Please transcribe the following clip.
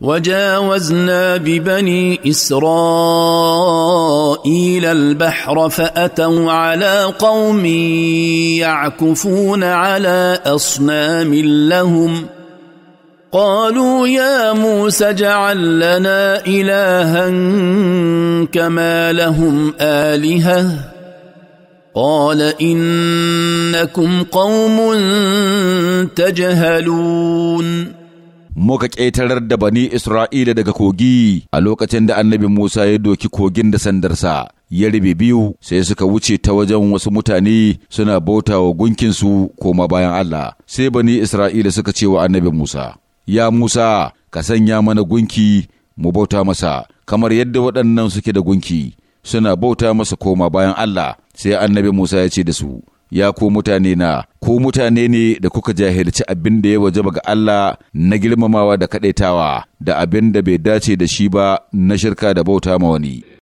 وجاوزنا ببني اسرائيل البحر فاتوا على قوم يعكفون على اصنام لهم قالوا يا موسى اجعل لنا الها كما لهم الهه قال انكم قوم تجهلون muka ƙetarar da bani Isra'ila daga kogi a lokacin da annabi Musa ya doki kogin da sandarsa ya ribe biyu sai suka wuce ta wajen wasu mutane suna bauta wa gunkinsu koma bayan Allah sai bani Isra'ila suka ce wa annabi Musa ya Musa ka sanya mana gunki mu bauta masa kamar yadda waɗannan suke da gunki suna bauta masa koma bayan Allah sai annabi Musa ya ce da su ya ku mutane na ku mutane ne da kuka jahilci abin da ya waje ga Allah na girmamawa da kaɗaitawa da abin da bai dace da shi ba na shirka da bauta ma wani.